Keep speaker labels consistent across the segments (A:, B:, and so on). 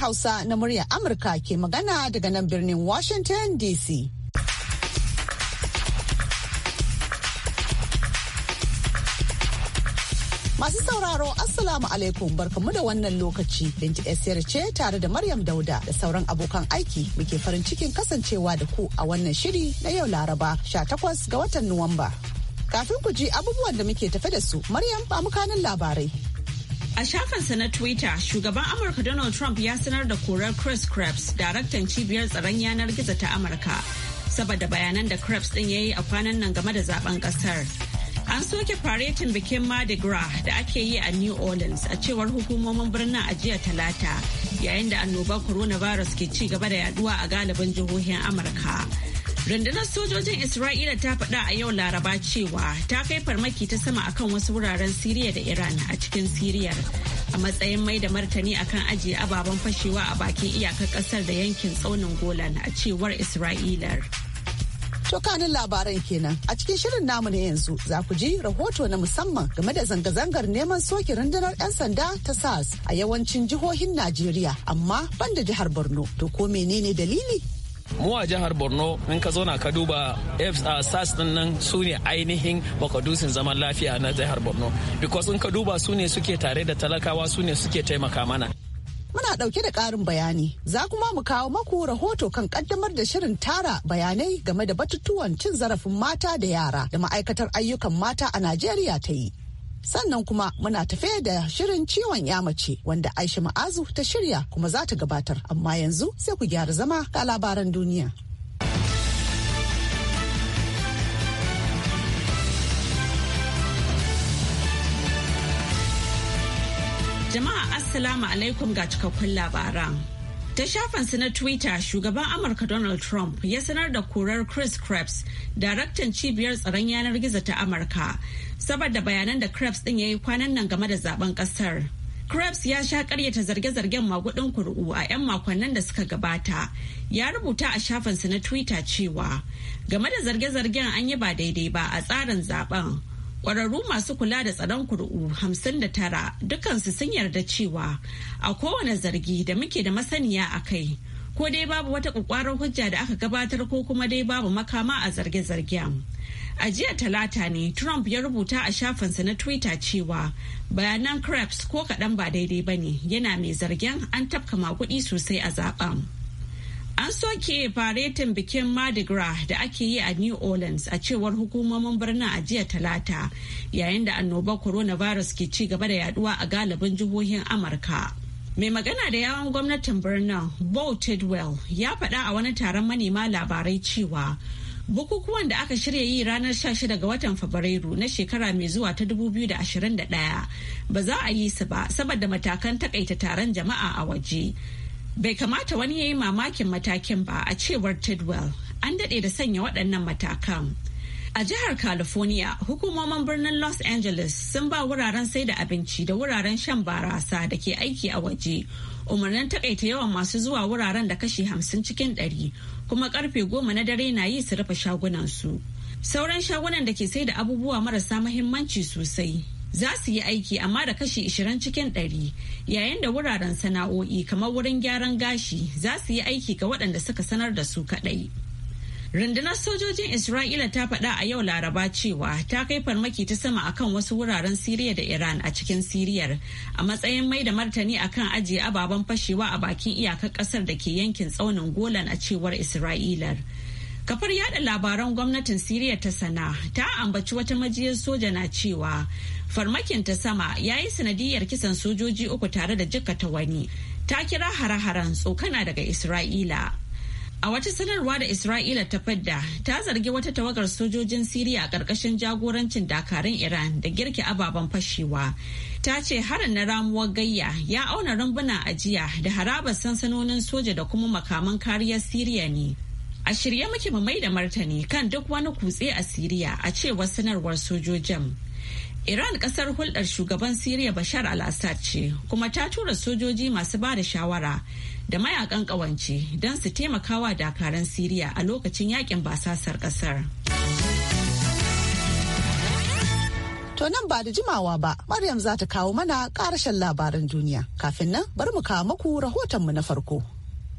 A: Hausa na murya Amurka ke magana daga nan birnin Washington DC. Masu sauraro Assalamu alaikum barkamu da wannan lokaci Binti Esiyar ce tare da Maryam Dauda da sauran abokan aiki muke farin cikin kasancewa da ku a wannan shiri na yau Laraba 18 ga watan Nuwamba. Kafin ku ji abubuwan da muke tafe da su, Maryam ba mu kanin labarai.
B: A shafinsa na Twitter, shugaban Amurka Donald Trump ya sanar da korar Chris Krebs, daraktan cibiyar tsaron yanar gizo ta Amurka, saboda bayanan da Krebs ɗin ya yi a kwanan nan game da zaben ƙasar. An soke faretin bikin Mardi Gras da ake yi a New Orleans a cewar hukumomin birnin a jiya talata, yayin da annobar coronavirus ke ci gaba da yaduwa a galibin jihohin Amurka. Rundunar sojojin Isra'ila ta faɗa a yau Laraba cewa ta kai farmaki ta sama akan wasu wuraren Siriya da Iran a cikin Siriyar a matsayin mai da martani akan ajiye ababen fashewa a bakin iyakar ƙasar da yankin tsaunin Golan a cewar Isra'ilar.
A: kanin labaran kenan a cikin shirin namu na yanzu za ku ji rahoto na musamman game da zanga-zangar neman soke rundunar 'yan sanda ta SARS a yawancin jihohin Najeriya amma banda jihar Borno. To ko menene dalili?
C: mu a jihar borno in ka zauna ka duba uh, sas din nan su ne ainihin makadusin zaman lafiya na jihar borno because in ka duba su ne suke tare da talakawa su ne suke taimaka mana
A: Muna ɗauke da ƙarin bayani, za kuma mu kawo maku rahoto kan ƙaddamar da shirin tara bayanai game da batutuwan cin zarafin mata da yara da ma'aikatar ayyukan mata a Najeriya ta yi. sannan kuma muna tafe da shirin ciwon mace wanda aisha ma'azu ta shirya kuma za ta gabatar amma yanzu sai ku gyara zama ga labaran duniya
B: jama'a assalamu alaikum ga cikakkun labaran ta su na twitter shugaban amurka donald trump ya sanar da korar chris krebs daraktan cibiyar tsaron yanar gizo ta amurka saboda bayanan da Krebs din ya yi kwanan nan game da zaben kasar. Krebs ya sha karyata zarge-zargen magudin kuri'u a 'yan makonnan da suka gabata. Ya rubuta a shafinsa na Twitter cewa game da zarge-zargen an yi ba daidai ba a tsarin zaben. Ƙwararru masu kula da tsaron kuri'u tara dukansu sun yarda cewa a kowane zargi da muke da masaniya a kai. Ko dai babu wata ƙwaƙwarar hujja da aka gabatar ko kuma dai babu makama a zarge-zargen. A jiya talata ne Trump ya rubuta a shafinsa na Twitter cewa bayanan Krebs ko kaɗan ba daidai ba ne yana mai zargen an tafka makuɗi sosai a zaben. An soke faretin bikin Mardi Gras da ake yi a New Orleans a cewar hukumomin birnin a jiya talata yayin da annobar coronavirus ke ci gaba da yaduwa a galibin jihohin Amurka. Mai magana da yawon gwamnatin birnin Bo Tidwell ya faɗa a wani taron manema labarai cewa Bukukuwan da aka shirya yi ranar 16 ga watan Fabrairu na shekara mai zuwa ta 2021 ba za a yi su ba saboda matakan takaita taron jama'a a waje. Bai kamata wani ya yi mamakin matakin ba a cewar Tidwell an daɗe da sanya waɗannan matakan. A jihar California, hukumomin birnin Los Angeles sun ba wuraren sai da abinci da wuraren shan barasa da ke aiki a waje. Umarnin takaita yawan masu zuwa wuraren da kashi hamsin cikin ɗari kuma karfe goma na dare na yi su rufe shagunan su Sauran shagunan da ke sai da abubuwa marasa mahimmanci sosai za su yi aiki amma da kashi ishirin cikin dari, yayin da wuraren sana'o'i kamar wurin gyaran gashi za su yi aiki ga waɗanda suka sanar da su kaɗai. Rundunar sojojin Isra'ila ta faɗa a yau Laraba cewa ta kai farmaki ta sama akan wasu wuraren Siriya da Iran a cikin Siriyar a matsayin mai da martani akan ajiye ababen fashewa a bakin iyakar ƙasar da ke yankin tsaunin Golan a cewar Isra'ilar. Kafar yada labaran gwamnatin Siriya ta sana ta ambaci wata majiyar soja na cewa farmakin ta sama ya yi sanadiyar kisan sojoji uku tare da ta wani. Ta kira hare-haren tsokana daga Isra'ila. A wata sanarwa da Isra'ila ta fadda ta zargi wata tawagar sojojin Siriya a ƙarƙashin jagorancin dakarun Iran da girki ababen fashewa. Ta ce harin na ramuwar gayya ya auna rumbuna ajiya da harabar sansanonin soja da kuma makaman kariyar Siriya ne. A shirye muke mu mai da martani kan duk wani kutse a Siriya a cewar sanarwar sojojin. Iran kasar hulɗar shugaban Siriya Bashar al-Assad ce kuma ta tura sojoji masu ba da shawara da mayakan ƙawance don su taimakawa dakaran Siriya a lokacin yakin basasar kasar.
A: To nan ba da jimawa ba, Maryam za ta kawo mana ƙarashen labaran duniya. Kafin nan, bari mu kawo rahoton mu na farko.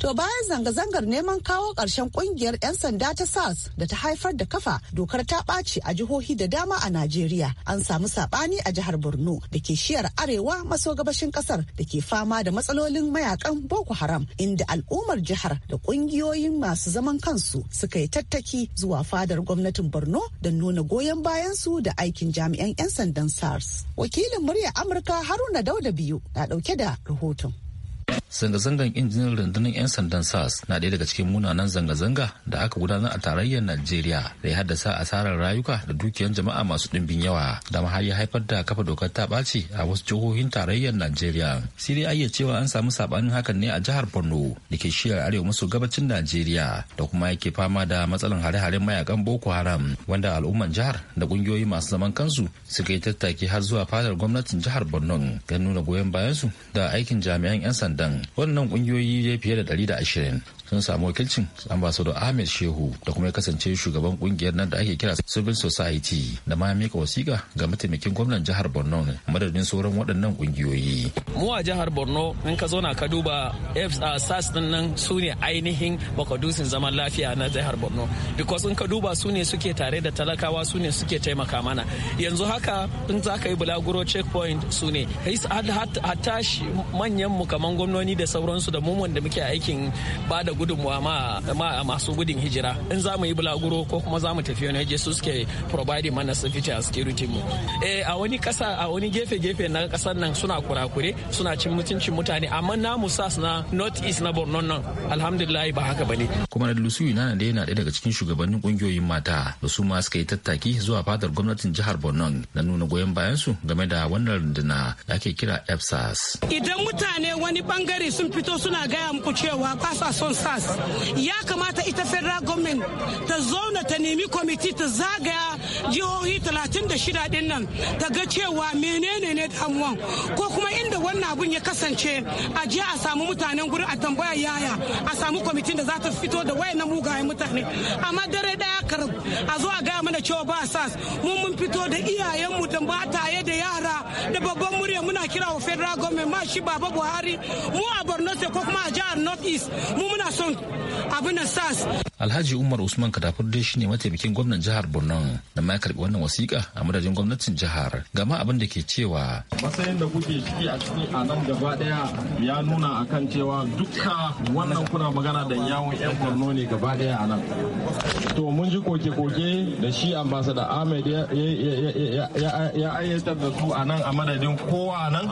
A: To bayan zanga-zangar neman kawo ƙarshen ƙungiyar 'yan sanda ta SARS da ta haifar da kafa dokar ta ɓaci a jihohi da dama a Najeriya. An samu saɓani a jihar Borno da ke shiyar arewa maso gabashin ƙasar da ke fama da matsalolin mayakan Boko Haram inda al'ummar jihar da ƙungiyoyin masu zaman kansu suka yi tattaki zuwa fadar gwamnatin Borno don nuna goyon bayansu da aikin jami'an 'yan sandan SARS. Wakilin murya Amurka Haruna Dauda biyu na ɗauke da rahoton.
D: zanga zangan injinin rundunar 'yan sandan SARS na daya daga cikin munanan zanga-zanga da aka gudanar a tarayyar najeriya da ya haddasa asarar rayuka da dukiyar jama'a masu ɗimbin yawa da har ya haifar da kafa dokar ta ɓaci a wasu jihohin tarayyar najeriya sai dai ayya cewa an samu saɓanin hakan ne a jihar borno da ke shiyar arewa maso gabacin najeriya da kuma yake fama da matsalan hare-haren mayakan boko haram wanda al'umman jihar da ƙungiyoyi masu zaman kansu suka yi tattaki har zuwa fadar gwamnatin jihar borno don nuna goyon bayansu da aikin jami'an 'yan sandan wannan kungiyoyi ya fiye da 120 sun samu wakilcin ambassador ahmed shehu da kuma ya kasance shugaban kungiyar nan da ake kira civil society da ma mika wasiƙa ga mataimakin gwamnan jihar borno ne madadin sauran waɗannan kungiyoyi
C: mu a jihar borno in ka zauna ka duba ah, sas din nan su ne ainihin makadusin zaman lafiya na jihar borno because in ka duba su ne suke tare da talakawa su ne suke taimaka mana yanzu haka in za ka yi bulaguro checkpoint su ne hatta manyan mu kaman gwamnoni da sauransu da mu wanda muke aikin ba da gudunmuwa ma masu gudun hijira in za mu yi bulaguro ko kuma za mu tafi wani su suke providing mana safety and security mu eh a wani kasa a wani gefe gefe na kasar nan suna kurakure suna cin mutuncin mutane amma na sas na north east na borno nan alhamdulillah ba haka bane
D: kuma na lusu yana da yana daya daga cikin shugabannin kungiyoyin mata da su ma suka yi tattaki zuwa fadar gwamnatin jihar borno na nuna goyon bayan su game da wannan runduna da ake kira EFSAS.
E: Idan mutane wani bangare sun fito suna gaya muku cewa ba sa son sa ya kamata ita federal government ta zauna ta nemi kwamiti ta zagaya jihohi 36 ɗin nan ta ga cewa menene ne damuwan ko kuma inda wannan abun ya kasance a je a samu mutanen gurin a tambaya yaya a samu kwamitin da za ta fito da na mugayen mutane amma dare daya karab a zo a gaya mana cewa ba sas mun mun fito da iyayenmu da mataye da yara da babban murya muna kira wa federal government ma shi baba buhari mu a borno state ko kuma a jihar north east mu muna son abin na sas
D: alhaji umar usman kadafur dai shine mataimakin gwamnan jihar borno da ma ya karbi wannan wasiƙa a madadin gwamnatin jihar gama abin da ke cewa matsayin da kuke ciki a ciki a nan gaba daya ya nuna akan cewa duka wannan kuna magana da yawon yan borno ne gaba daya a nan to mun ji koke-koke da shi ambasada ahmed ya ayyatar da su a nan a madadin kowa a nan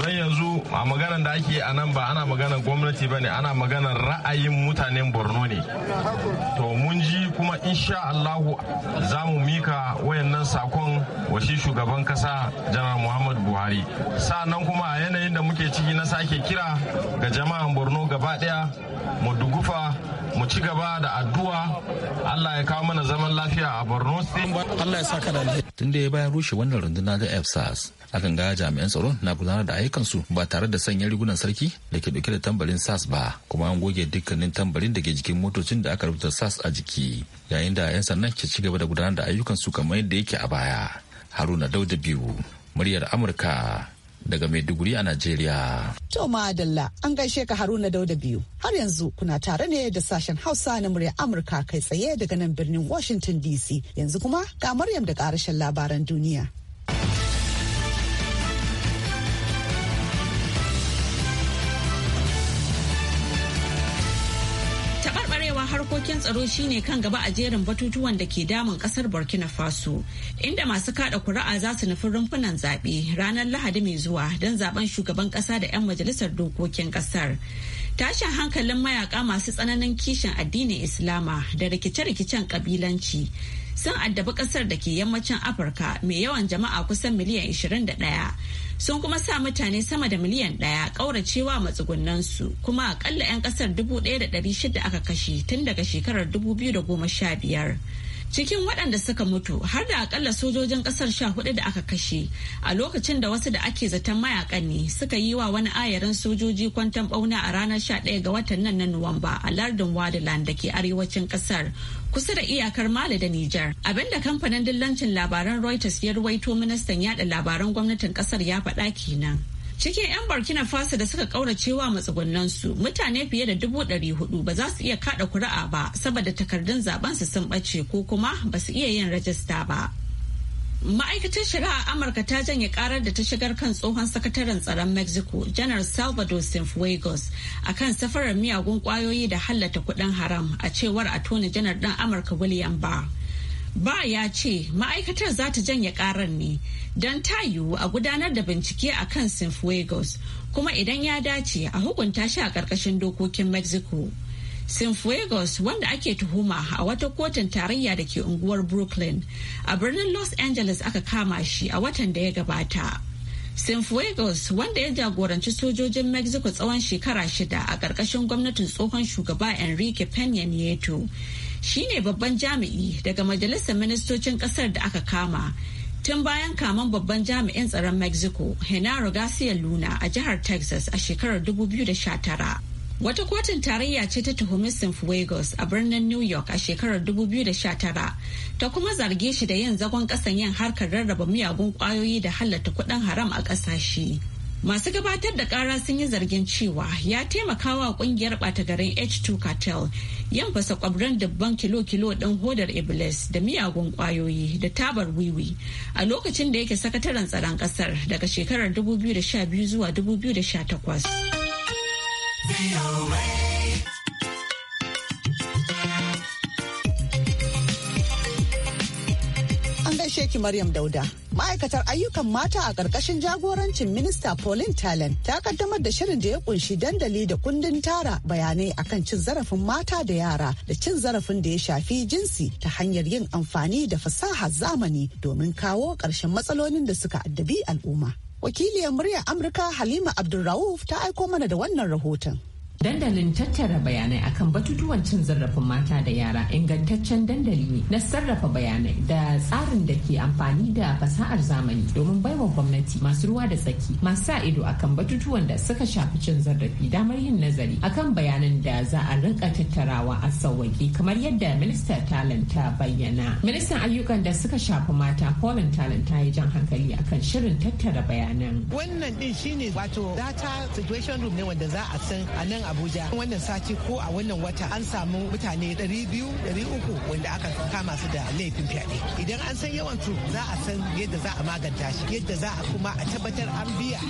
D: don yanzu a maganar da ake a nan ba ana maganar gwamnati ba ne ana maganar ra'ayin mutanen borno ne to mun ji kuma insha Allahu za mu mika wayannan sakon wa shi shugaban kasa janar Muhammad Buhari sa nan kuma a yanayin da muke ciki na sake kira ga jama'an Borno gaba daya mu dugufa mu ci gaba da addu'a Allah ya kawo mana zaman lafiya a Borno Allah ya saka da tunda ya bayan rushe wannan runduna da efsas akan ga jami'an tsaro na gudanar da ayyukansu ba tare da sanya rigunan sarki da ke dauke da tambarin sas ba kuma an goge dukkanin tambarin da ke jikin motocin da aka rubuta sas a jiki yayin da 'yan sannan ke cigaba da gudanar da ayyukansu kamar yadda yake a baya haruna dauda biyu muryar amurka daga Maiduguri a nigeria.
A: To Adalla an gaishe ka Haruna Dauda biyu. Har yanzu kuna tare ne da sashen Hausa na muryar Amurka kai tsaye daga nan birnin Washington DC. Yanzu kuma ga Maryam da karashen labaran duniya.
B: tsaro shine kan gaba a jerin batutuwan da ke damun kasar burkina faso inda masu kada kuri'a za su nufi rumfunan zaɓe ranar lahadi mai zuwa don zaben shugaban ƙasa da 'yan majalisar dokokin ƙasar tashin hankalin mayaka masu tsananin kishin addinin islama da rikice-rikicen kabilanci sun addabi ƙasar da ke yammacin afirka mai yawan jama'a kusan miliyan 21 sun kuma sa mutane sama da miliyan ɗaya ƙauracewa su kuma akalla 'yan ƙasar 1,600 aka kashe tun daga shekarar 2015. cikin waɗanda suka mutu har da akalla sojojin ƙasar sha hudu da aka kashe a lokacin da wasu da ake zaton mayakan ne suka yi wa wani ayarin sojoji kwantan bauna a ranar 11 ga watan nan na nuwamba a lardin wadaland da ke arewacin ƙasar kusa da iyakar Mali da Nijar. Abinda kamfanin dillancin labaran Reuters ya ruwaito ministan yada labaran gwamnatin kasar ya faɗa kenan. Cikin 'yan Burkina Faso da suka kauracewa su mutane fiye da dubu ɗari hudu ba za su iya kaɗa kuri'a ba saboda takardun zaben su sun ɓace ko kuma ba su iya yin rajista ba. Ma'aikatar shari'a Amurka ta janye karar da ta shigar kan tsohon sakataren tsaron Mexico, Janar Salvador Cienfuegos, a kan safarar miyagun kwayoyi da hallata kudin haram a cewar a tona Janar ɗan Amurka William Ba. Ba ya ce ma'aikatar za ta janye karar ne don ta yiwu a gudanar da bincike a kan Cienfuegos, kuma idan ya dace a hukunta shi a ƙarƙashin dokokin Mexico. Sinfuegos wanda ake tuhuma a wata kotun tarayya da ke unguwar Brooklyn a birnin Los Angeles aka kama shi a watan da ya gabata. Sinfuegos wanda ya jagoranci sojojin Mexico tsawon shekara shida a ƙarƙashin gwamnatin tsohon shugaba Enrique Peña Nieto shine babban jami'i daga majalisar ministocin ƙasar da aka kama tun bayan kaman babban jami'in tsaron Mexico Henaro Garcia Luna a jihar Texas a shekarar 2019. Wata kotun tarayya ce ta tuhumi Fuegos a birnin New York a shekarar 2019 ta kuma zarge shi da yin zagon kasan yin harkar rarraba miyagun kwayoyi da halatta kudin haram a kasashe. Masu gabatar da kara sun yi zargin cewa ya taimakawa kungiyar ɓata garin H2 Cartel yin fasa kwabran dubban kilo-kilo ɗin hodar Iblis da miyagun kwayoyi da tabar wiwi a lokacin da yake sakataren tsaron ƙasar daga shekarar 2012 zuwa 2018.
F: An
A: gaishe ki Maryam Dauda. Ma'aikatar ayyukan mata a ƙarƙashin jagorancin Minista Pauline Talent ta kaddamar da shirin da ya ƙunshi dandali da kundin tara bayanai akan cin zarafin mata da yara da cin zarafin da ya shafi jinsi ta hanyar yin amfani da fasahar zamani domin kawo ƙarshen matsalolin da suka addabi al'umma. wakiliyar muryar amurka halima abdulrauf ta aiko mana da wannan
G: rahoton Dandalin tattara bayanai akan batutuwan cin zarafin mata da yara ingantaccen dandali ne na sarrafa bayanai da tsarin da ke amfani da fasahar zamani domin baiwa gwamnati masu ruwa da tsaki masu sa ido akan batutuwan da suka shafi cin zarafi damar yin nazari akan bayanan da za a rinka tattarawa a sauwaƙe kamar yadda minista Talent ta bayyana. Ministan ayyukan da suka shafi mata polin Talent ta yi jan hankali akan shirin tattara bayanan.
H: Wannan din shine wato data situation room ne wanda za a san a nan abuja wannan sati ko a wannan wata an samu mutane 200-300 wanda aka kama su da laifin fyaɗe idan an san yawan su za a san yadda za a maganta shi yadda za a kuma a tabbatar an biya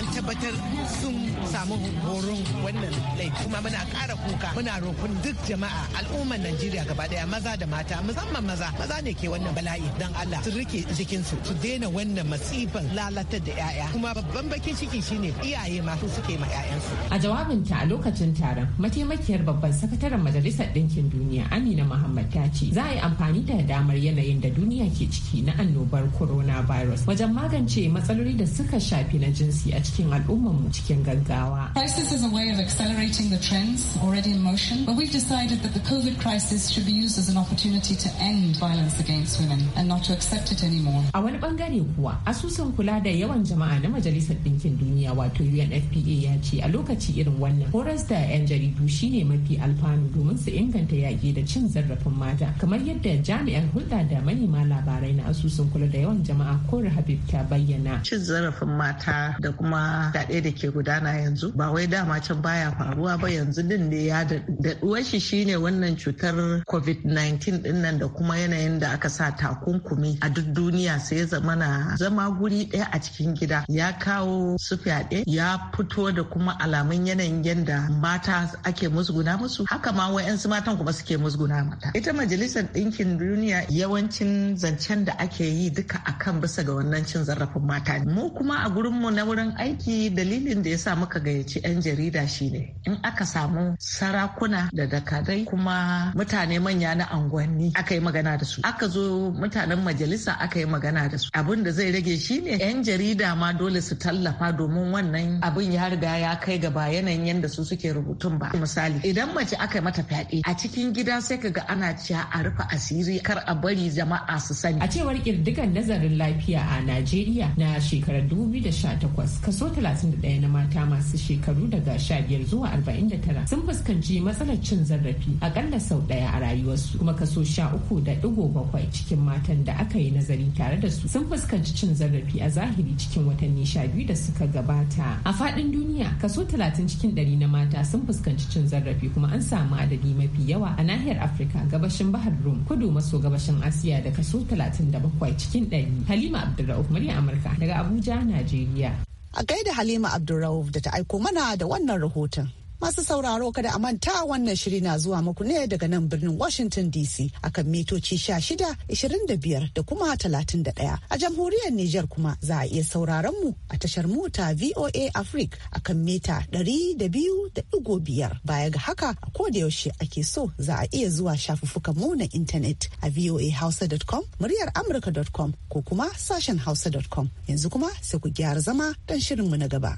H: an tabbatar sun samu horon wannan laifin kuma muna kara kuka muna roƙon duk jama'a al'ummar najeriya gaba daya maza da mata musamman maza maza ne ke wannan bala'i dan allah su rike jikinsu su daina wannan masifan lalatar da 'ya'ya kuma babban bakin ciki shine iyaye ma su suke ma 'ya'yansu a jawabinta
G: a lokacin taron mataimakiyar babban sakataren majalisar ɗinkin duniya amina muhammad ta ce za a yi amfani da damar yanayin da duniya ke ciki na annobar coronavirus wajen magance matsaloli da suka shafi na jinsi a cikin al'ummar mu cikin gaggawa.
F: Crisis is a way of accelerating the trends already in motion, but we've decided that the COVID crisis should be used as an opportunity to end violence against women and not to accept it anymore. A wani bangare kuwa, asusun
G: kula da yawan jama'a na Majalisar Ɗinkin Duniya wato UNFPA ya ce a lokaci irin wannan horar horas 'yan jaridu shine mafi alfanu domin su inganta yaƙi da cin zarafin mata kamar yadda jami'ar hulɗa da manema labarai na asusun kula da yawan jama'a ko habib ta
H: bayyana cin zarafin mata da kuma daɗe da ke gudana yanzu ba wai dama can baya faruwa ba yanzu din ne ya daɗuwar shi shine wannan cutar covid-19 din nan da kuma yanayin da aka sa takunkumi a duk duniya sai zamana zama guri ɗaya a cikin gida ya kawo su fyaɗe ya fito da kuma alamun yanayin yanda da mata ake musguna musu haka ma wayansu matan kuma suke musguna mata ita majalisar ɗinkin duniya yawancin zancen da ake yi duka akan bisa ga wannan cin zarafin mata mu kuma a gurin mu na wurin aiki dalilin da ya sa muka gayyaci 'yan jarida shine in aka samu sarakuna da dakadai kuma mutane manya na unguwanni aka yi magana da su aka zo mutanen majalisa aka yi magana da su abin da zai rage shine 'yan jarida ma dole su tallafa domin wannan abin ya riga ya kai gaba yanayin yadda su suke rubutun ba misali idan mace aka mata fyaɗe a cikin gida sai ka ga ana cewa a
G: rufe asiri kar a bari jama'a su sani a cewar kirdigan nazarin lafiya a Najeriya na shekarar 2018 kaso 31 na mata masu shekaru daga 15 zuwa 49 sun fuskanci matsalar cin zarafi akalla sau ɗaya a rayuwarsu kuma kaso 13.7 cikin matan da aka yi nazari tare da su sun fuskanci cin zarafi a zahiri cikin watanni 12 da suka gabata a faɗin duniya kaso 30 cikin 100 na mata sun fuskanci cin zarafi kuma an samu adadi mafi yawa a nahiyar afirka gabashin bahar rum kudu maso gabashin asiya da kaso 37 cikin 100 halima abdulrauf murya amurka
A: daga abuja najeriya a gaida halima abdulrauf da ta aiko mana da wannan rahoton Masu sauraro kada a manta wannan shiri na zuwa muku ne daga nan birnin Washington DC akan mitoci 16, 25 da kuma 31. A jamhuriyar Nijar kuma za a iya sauraron mu a tashar mota VOA Africa akan mita 200.5. Baya ga haka a yaushe ake so za a iya zuwa shafuffukan mu na intanet a voahausa.com, muryar amurka.com ko kuma sashen hausa.com. Yanzu kuma sai ku gyara zama don shirinmu na gaba.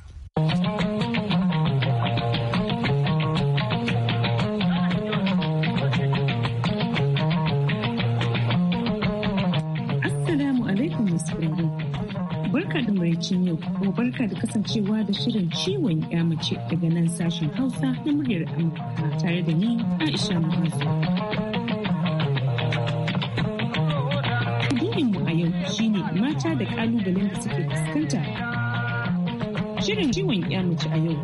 F: lokacin yau. Kuma barka da kasancewa da shirin ciwon mace daga nan sashen Hausa na muryar Amurka tare da ni Aisha Muhammad. mu a yau shine mata da kalubalen da suke fuskanta. Shirin ciwon ya mace a yau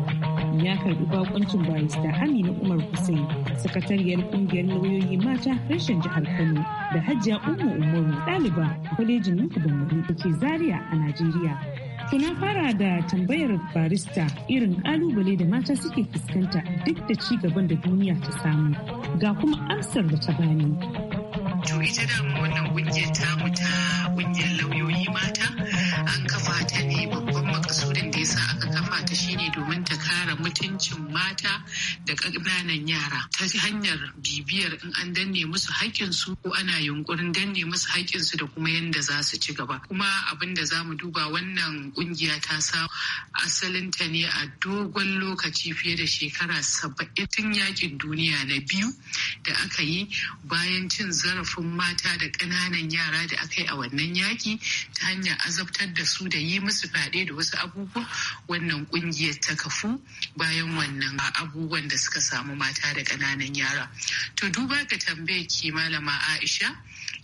F: ya karbi bakoncin barista Amina Umar Hussein, sakatariyar kungiyar lauyoyi mata rashin jihar Kano da Hajjiya Umma Umaru ɗaliba kwalejin Nuku da ke Zaria a Najeriya. To na fara da tambayar barista irin kalubale da mata suke fuskanta duk da ci gaban da duniya ta samu ga kuma amsar da ta bani. To ita da wannan kungiyar ta ta
H: kungiyar lauyoyi mata an kafa ta ne babban makasudin da yasa aka kafa ta shine domin ta kare mutuncin mata da ƙananan yara ta hanyar bibiyar in an danne musu haƙƙinsu ko ana yunƙurin danne musu haƙƙinsu da kuma yadda za su ci gaba kuma abin da za mu duba wannan ƙungiya ta sa asalinta ne a dogon lokaci fiye da shekara saba'in tun yakin duniya na biyu da aka yi bayan cin zarafin mata da ƙananan yara da aka yi a wannan yaƙi ta hanyar azabtar da su da yi musu fyaɗe da wasu abubuwa wannan ƙungiyar ta kafu bayan wannan abubuwan da da suka samu mata da ƙananan yara to duba ka tambaye ki malama aisha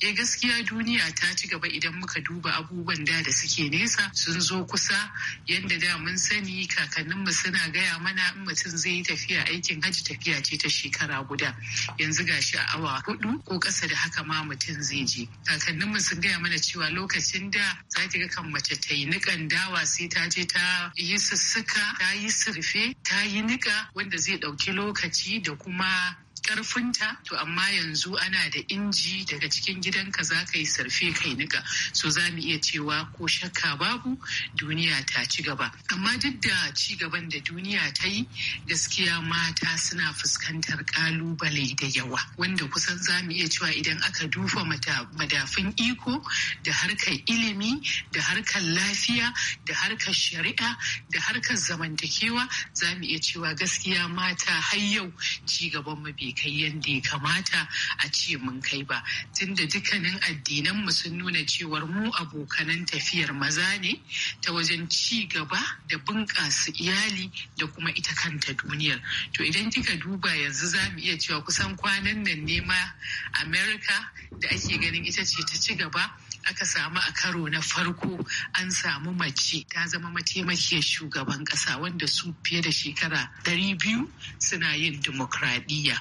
H: e gaskiya duniya ta ci gaba idan muka duba abubuwan da da suke nesa sun zo kusa yadda da mun sani kakanninmu suna gaya mana in mutum zai yi tafiya aikin hajji tafiya ce ta shekara guda yanzu gashi a awa hudu ko kasa da haka ma mutum zai je kakanninmu sun gaya mana cewa lokacin da za ki ga kan mace ta yi nikan dawa sai ta je ta yi sussuka ta yi surfe ta yi niƙa wanda zai ɗauki lokaci da kuma karfinta to amma yanzu ana da inji daga cikin gidanka za ka yi sarfe kai nika so za mu iya cewa ko shakka babu duniya ta ci gaba amma duk da ci gaban da duniya ta yi gaskiya mata suna fuskantar kalubale da yawa wanda kusan za mu iya cewa idan aka dufa madafin iko da harkar ilimi da harkar lafiya da harkar shari'a da harkar zamantakewa za mu iya cewa gaskiya mata har yau ci gaban mabi kai yadda ya kamata a ce mun kai ba tunda dukkanin addinan mu sun nuna cewar mu abokanan tafiyar maza ne ta wajen ci gaba da bunƙasa iyali da kuma ita kanta duniyar to idan kika duba yanzu za mu iya cewa kusan kwanan nan ne ma america da ake ganin ita ce ta ci gaba aka samu a karo na farko an samu mace ta zama mataimakiyar shugaban kasa wanda su fiye da shekara 200 suna yin dimokuraɗiyya.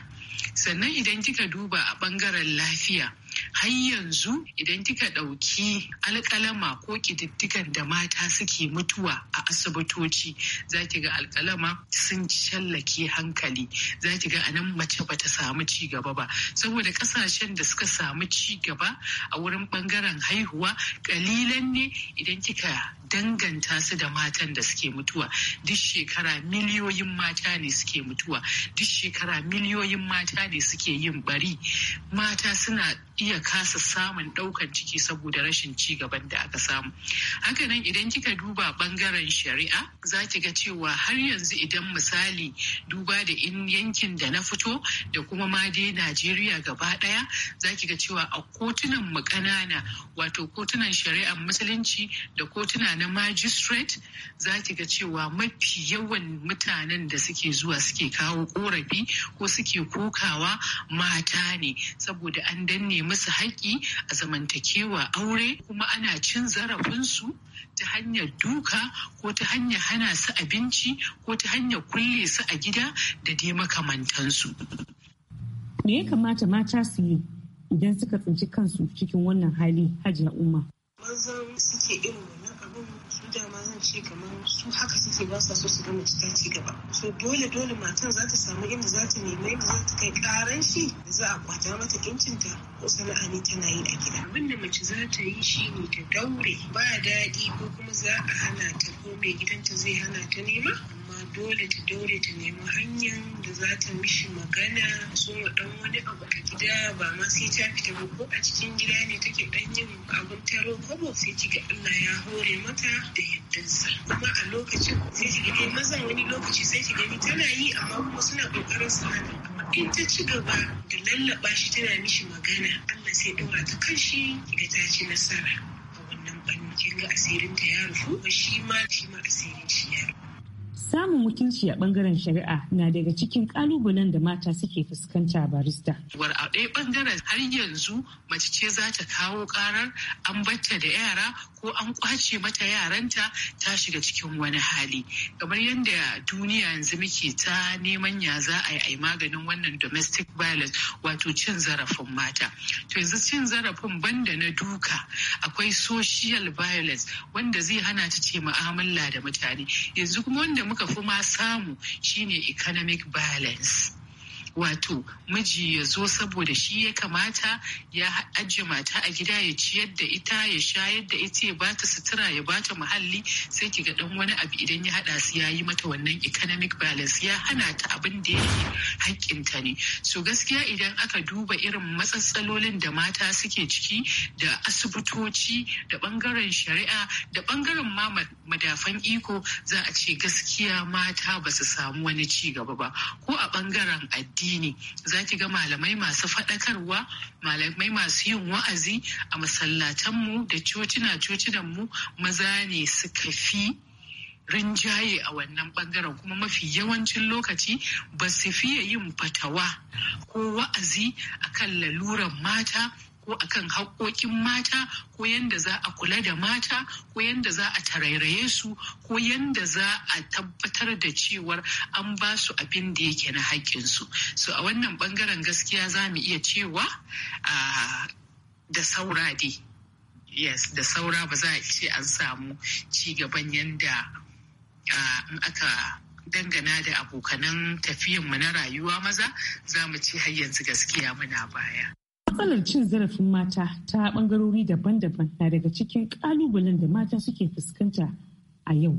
H: sannan idan kika duba a ɓangaren lafiya har yanzu idan kika ɗauki alƙalama ko ƙididdigan da mata suke mutuwa a asibitoci za ki ga alƙalama sun shallake hankali za ki ga nan mace bata samu ci gaba ba saboda ƙasashen da suka samu ci gaba a wurin ɓangaren haihuwa ƙalilan ne idan kika danganta su da matan da suke mutuwa duk shekara miliyoyin mata ne suke mutuwa duk shekara miliyoyin mata ne suke yin bari mata suna iya kasa samun ɗaukan ciki saboda rashin ci gaban da aka samu hakanan idan kika duba bangaren shari'a za ki ga cewa har yanzu idan misali duba da in yankin da na fito da kuma ma dai najeriya gaba ɗaya za ki ga cewa a kotunan mu ƙanana wato kotunan shari'ar musulunci da kotuna na magistrate za ki ga cewa mafi yawan mutanen da suke zuwa suke kawo korafi ko suke kokawa mata ne saboda an danne musu haƙƙi a zamantakewa aure kuma ana cin zarafinsu ta hanyar duka ko ta hanyar hana su abinci ko ta hanyar kulle su a gida da dai makamantansu.
F: Me ya kamata mata su yi idan suka tsinci kansu cikin wannan hali hajiya umma?
E: Maza suke irin wannan abin su dama zan ce kamar su haka suke ba sa so su ga mace ta ci gaba so dole dole matan za ta samu inda za ta nema inda za ta kai karan shi da za a kwata mata kincin ta ko sana'a ne tana yi a gida abin da mace za ta yi shi ne ta daure ba daɗi ko kuma za a hana ta ko mai gidanta zai hana ta nema amma dole ta dole ta nemi hanyar da za ta mishi magana so ma dan wani abu a gida ba ma sai ta fita ba ko a cikin gida ne take dan yin abun taro kwabo sai kiga Allah ya hore mata da yaddansa kuma a lokacin sai kiga eh mazan wani lokaci sai ki gani tana yi amma kuma suna kokarin su hana in ta ci gaba da lallaba shi tana mishi magana Allah sai ɗora ta kanshi shi ga ta ci nasara a wannan bankin ga asirin ta ya rufu
H: shi ma shi ma asirin shi
F: ya rufu samun mutunci a bangaren shari'a na daga cikin kalubalen da mata suke fuskanta barista.
H: War a ɗaya bangaren har yanzu mace ce za ta kawo karar an bacce da yara ko an kwace mata yaranta ta shiga cikin wani hali kamar yadda duniya yanzu muke ta neman ya za a yi maganin wannan domestic violence wato cin zarafin mata to yanzu cin zarafin banda na duka akwai social violence wanda zai hana ta ce mu'amala da mutane yanzu kuma wanda muka fi ma samu shine economic violence wato miji ya zo saboda shi ya kamata ya ajiye mata a gida ya ciyar da ita ya shayar da ita ya bata sutura ya bata muhalli sai ki ga dan wani abu idan ya hada su ya yi mata wannan economic balance ya hana ta abin da ya hakkin ta ne so gaskiya idan aka duba irin matsatsalolin da mata suke ciki da asibitoci da bangaren shari'a da bangaren ma madafan iko za a ce gaskiya mata ba su samu wani ci gaba ba ko a bangaren addini addini za ki ga malamai masu faɗakarwa malamai masu yin wa'azi a masallatanmu da cocina cocinanmu maza ne suka fi rinjaye a wannan bangaren kuma mafi yawancin lokaci ba su fiye yin fatawa ko wa'azi akan laluran mata ko akan haƙoƙin mata ko yadda za a kula da mata ko yadda za a tarairaye su ko yadda za a tabbatar da cewar an ba su abin da yake na haƙƙinsu so a wannan bangaren gaskiya za mu iya cewa da saura dai yes da saura ba za a ce an samu ci gaban yadda in aka dangana da abokanan mu na rayuwa maza za mu ci har yanzu gaskiya muna baya.
F: Matsalar cin zarafin mata ta bangarori daban-daban na daga cikin kalubalen da mata suke fuskanta a yau.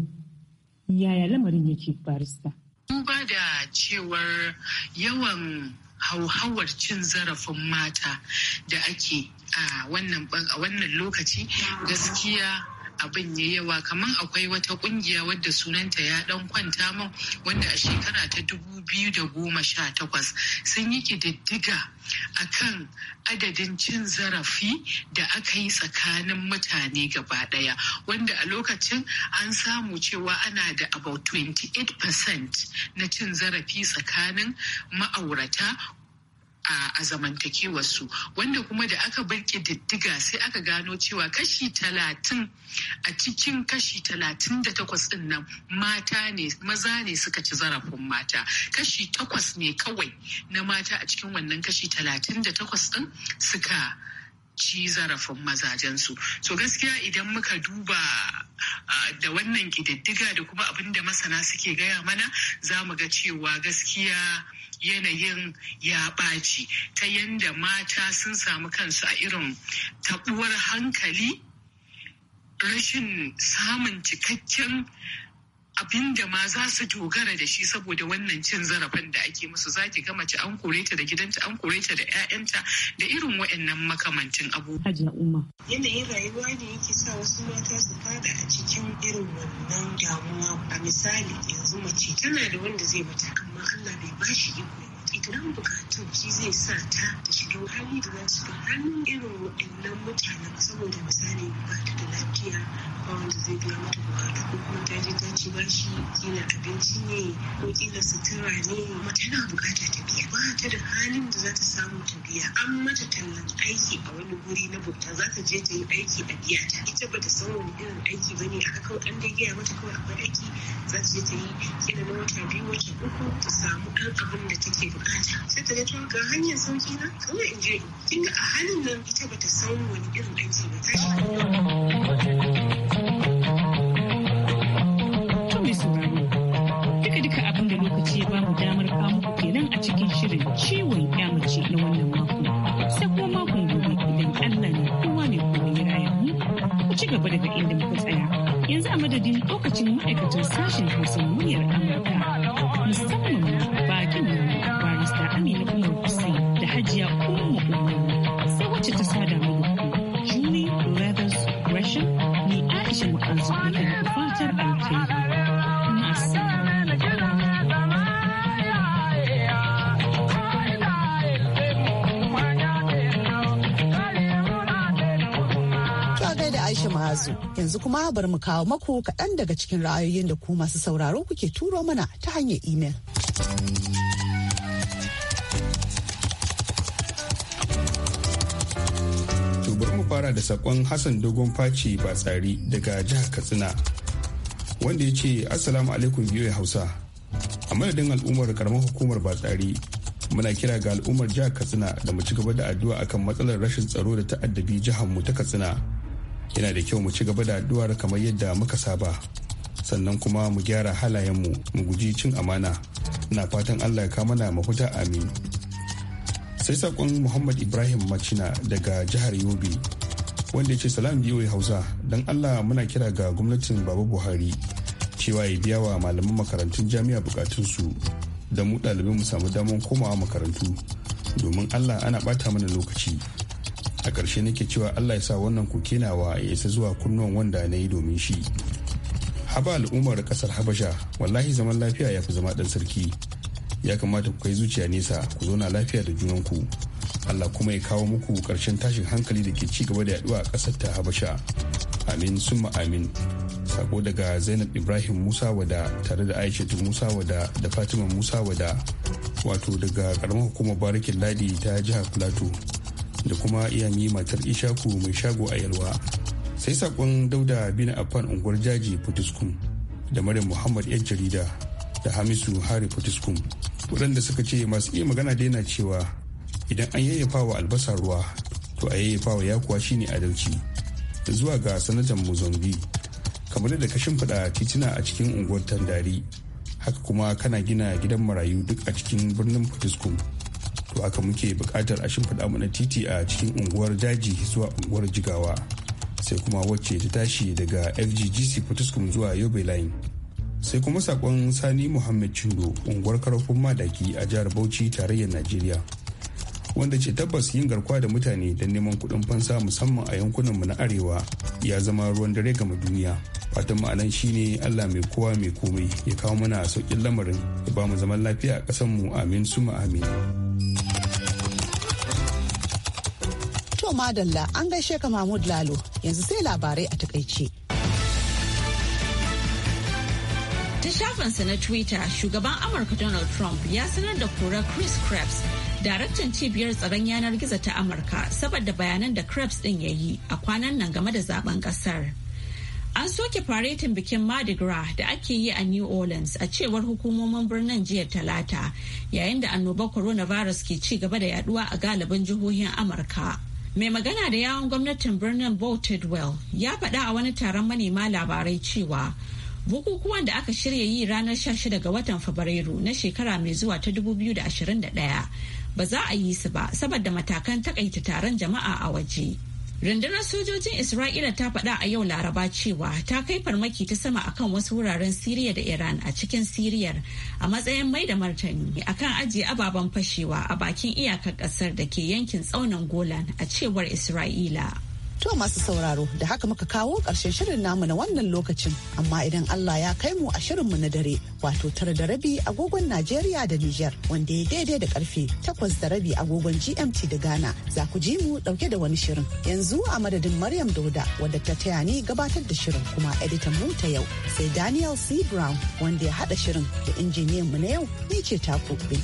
F: Yaya lamarin yake barista?
H: Duba da cewar yawan hauhawar cin zarafin mata da ake a wannan lokaci gaskiya abin ya yawa kamar akwai wata kungiya wadda sunanta ya dan kwanta min wanda a shekara ta dubu biyu da goma sha takwas sun yi kididdiga kan adadin cin zarafi da aka yi tsakanin mutane gaba daya wanda a lokacin an samu cewa ana da about 28% na cin zarafi tsakanin ma'aurata a zamantakewarsu wanda kuma da aka bar diddiga sai aka gano cewa kashi talatin a cikin kashi talatin da takwas ɗin nan mata ne maza ne suka ci zarafin mata kashi takwas ne kawai na mata a cikin wannan kashi talatin da takwas ɗin suka ci zarafin mazajensu so gaskiya idan muka duba da wannan ƙididdiga da kuma abin da masana suke gaya mana za mu ga cewa gaskiya yanayin ya ɓaci ta yadda mata sun samu kansu a irin taɓuwar hankali rashin samun cikakken abin da ma za su dogara da shi saboda wannan cin zarafin da ake musu za ki ga mace an kore ta da gidanta an kore ta da 'ya'yanta da irin waɗannan makamancin
F: abubuwa. Yanayin rayuwa ne yake sa wasu mata su fada a cikin
E: irin wannan damuwa a misali yanzu mace tana da wanda zai mata amma Allah bai bashi iko idan bukatun shi zai sa ta ta shiga hali da za su ga hannun irin waɗannan mutanen saboda misali ba ta da lafiya ba wanda zai biya mata bukatu ko kuma ta je ta ci bashi, kila abinci ne ko kila sutura ne mata na bukata ta biya ba ta da halin da za ta samu ta biya an mata tallan aiki a wani guri na bauta za ta je ta yi aiki a biya ta ita ba ta san wani irin aiki ba ne a kawai an dai gaya mata kawai akwai aiki za ta je ta yi kila na wata biyu wata uku ta samu ɗan abin da take bukata bukata sai ta ga to ga hanyar sauki na kawai in je kinga a halin nan
F: ita bata san wani irin aiki ba ta
A: kuma mu kawo maku kaɗan daga cikin ra'ayoyin da ku masu sauraro kuke turo mana ta hanyar imel.
I: bari mu fara da sakon Hassan Dogon Faci Batsari daga jihar Katsina wanda ya ce Assalamu alaikum biyu Hausa. A madadin al'ummar karamar hukumar Batsari muna kira ga al'ummar jihar Katsina da mu ci gaba da addu'a akan matsalar rashin tsaro da ta'addabi jihar mu ta Katsina. yana da kyau mu ci gaba da addu'ar kamar yadda muka saba sannan kuma mu gyara halayenmu mu guji cin amana na fatan allah ya mana mafuta amin sai saƙon muhammad ibrahim macina daga jihar yobe wanda ya ce salam biyoyi hausa don allah muna kira ga gwamnatin baba buhari cewa ya biya wa malaman makarantun jami'a bukatunsu da mu ɗalibai mu samu damar komawa makarantu domin allah ana ɓata mana lokaci a ƙarshe nake cewa allah ya sa wannan kokenawa ya isa zuwa kunnuwan wanda na yi domin shi haba al'ummar ƙasar habasha wallahi zaman lafiya ya fi zama ɗan sarki ya kamata ku kai zuciya nesa ku na lafiya da ku. allah kuma ya kawo muku ƙarshen tashin hankali da ke ci gaba da yaɗuwa a ƙasar ta habasha amin summa amin sako daga zainab ibrahim musa wada tare da aishatu musa wada da fatima musa wada wato daga karamar hukumar barikin ladi ta jihar plateau da kuma iyami matar ishaku mai shago a yalwa sai sakon dauda bin afan unguwar jaji putiskum da maryam muhammad yan jarida da hamisu hari putiskum waɗanda suka ce masu iya magana daina cewa idan an yayyafa wa albasa ruwa to a yayyafa wa yakuwa shine adalci zuwa ga sanatan muzambi kamar da ka shimfiɗa titina a cikin unguwar tandari haka kuma kana gina gidan marayu duk a cikin birnin putiskum to aka muke bukatar a shimfiɗa mana titi a cikin unguwar daji zuwa unguwar jigawa sai kuma wacce ta tashi daga fggc potiskum zuwa yobe line sai kuma sakon sani muhammad chindo unguwar karfin madaki a jihar bauchi tarayyar najeriya wanda ce tabbas yin garkuwa da mutane don neman kuɗin fansa musamman a yankunan mu na arewa ya zama ruwan dare gama duniya fatan ma'anan shine allah mai kowa mai komai ya kawo mana sauƙin lamarin ya ba mu zaman lafiya a ƙasanmu amin suma amin
A: To madalla an gaishe ka Mahmud Lalo yanzu sai labarai a takaice.
B: Ta sa na Twitter, shugaban Amurka Donald Trump ya sanar da kura Chris Krebs, daraktan cibiyar tsaron yanar gizo ta Amurka, saboda bayanan da Krebs din ya yi a kwanan nan game da zaben kasar. An soke faretin bikin Mardi Gras da ake yi a New Orleans a cewar hukumomin birnin jiya talata yayin da annobar coronavirus ke ci gaba da yaduwa a galibin jihohin Amurka. Mai magana da yawon gwamnatin birnin well ya faɗa a wani taron manema labarai cewa bukukuwan da aka shirya yi ranar 16 ga watan Fabrairu na shekara mai zuwa ta 2021 ba za a yi su ba saboda matakan takaita taron jama'a a waje. Rundunar sojojin Isra'ila ta faɗa a yau Laraba cewa ta kai farmaki ta sama akan wasu wuraren Siriya da Iran a cikin Siriyar a matsayin mai da martani akan ajiye ababen fashewa a bakin iyakar ƙasar da ke yankin tsaunin Golan a cewar Isra'ila.
A: To masu sauraro da haka muka kawo ƙarshen shirin namu na wannan lokacin amma idan Allah ya kai mu a shirinmu na dare wato tara da rabi agogon Najeriya da Nijar wanda ya daidai da karfe takwas da rabi agogon GMT da Ghana za ku ji mu dauke da wani shirin. Yanzu a madadin Maryam Dauda wadda ta taya ni gabatar da shirin kuma editan mu ta yau sai Daniel C. Brown wanda ya hada shirin da injiniyan mu na yau ni ce ta taku